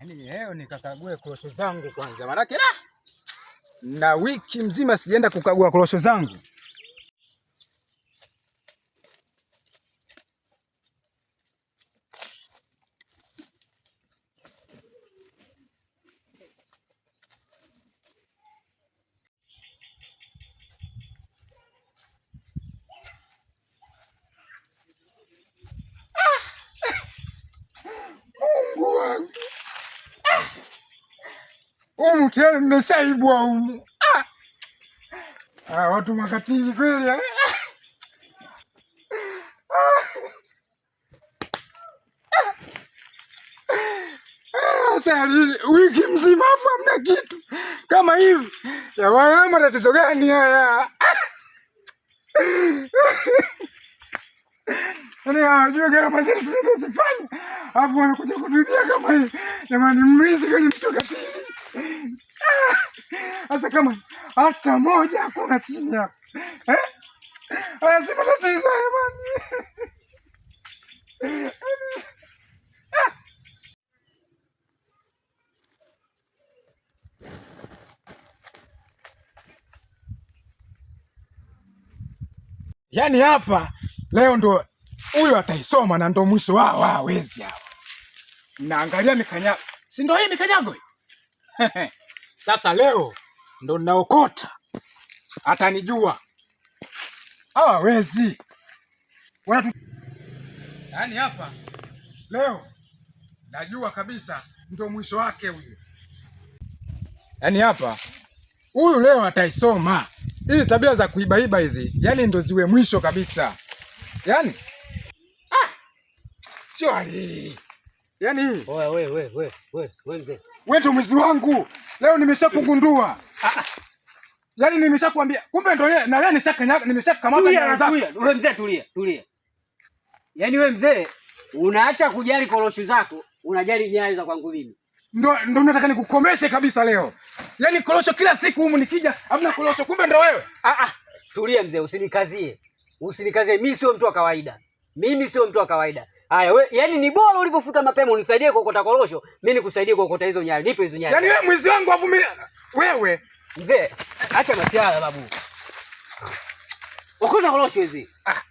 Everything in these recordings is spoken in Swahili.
Yaani leo nikakague korosho zangu kwanza, maanake na wiki mzima sijaenda kukagua korosho zangu. Humu tayari mmeshaibwa humu. Ah! ah. watu makatili kweli. Eh? Ah. wiki mzima afu hamna kitu kama hivi. Ya waya matatizo gani haya? Yaani hawajui gharama zetu tunazozifanya. Afu wanakuja kutuibia kama hii. Jamani mwizi kweli mtu katili pesa kama hata moja hakuna chini hapa. eh? Haya, si matatizo jamani. Yaani hapa leo ndo huyo ataisoma na ndo mwisho wa wa wezi hao. Naangalia mikanyago. Si ndo hii mikanyago? Sasa leo ndo naokota atanijua. Hawawezi watu. yaani hapa leo najua kabisa ndo mwisho wake huyu. Yaani hapa huyu leo ataisoma hizi tabia za kuibaiba hizi, yaani ndo ziwe mwisho kabisa. Yaani ah, sio hali yaani, wewe wewe wewe wewe mzee, wewe ndo mwizi wangu leo nimeshakugundua. Yaani nimeshakwambia. Kumbe ndio yeye. Na leo nimeshakanyaga, nimeshakamata nyara zako. Wewe mzee tulia, tulia. Yaani wewe mzee unaacha kujali korosho zako, unajali nyari za kwangu mimi. Ndio ndio nataka nikukomeshe kabisa leo. Yaani korosho kila siku humu nikija, hamna korosho. Kumbe ndio wewe. Ah ah. Tulia mzee, usinikazie. Usinikazie. Mimi sio mtu wa kawaida. Mimi sio mtu wa kawaida. Haya we, yani ni bora ulivyofuta mapema unisaidie kuokota korosho, mimi nikusaidie kuokota hizo nyanya. Nipe hizo nyanya. Yaani wewe mwizi wangu avumilia. Wewe mzee, acha mapiala babu. Okota korosho hizi. Ah.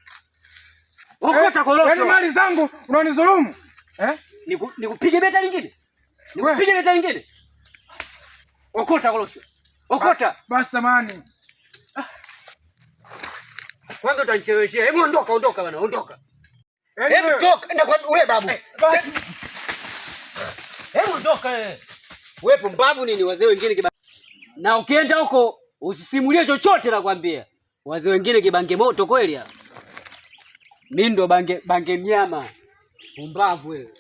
Okota eh, korosho. Yaani mali zangu unanizulumu? Eh? Niku, nikupige beta lingine. Nikupige beta lingine. Okota korosho. Okota. Basi samani. Ah. Kwanza utanicheleweshea. Hebu ondoka, ondoka bana, ondoka. Hebu toka na kwa ule babu. Eh, Hebu toka eh. Wewe pumbavu nini wazee wengine kiba... Na ukienda huko usisimulie chochote nakwambia. Wazee wengine kibange moto kweli hapa. Mimi ndo bange bange mnyama. Pumbavu wewe.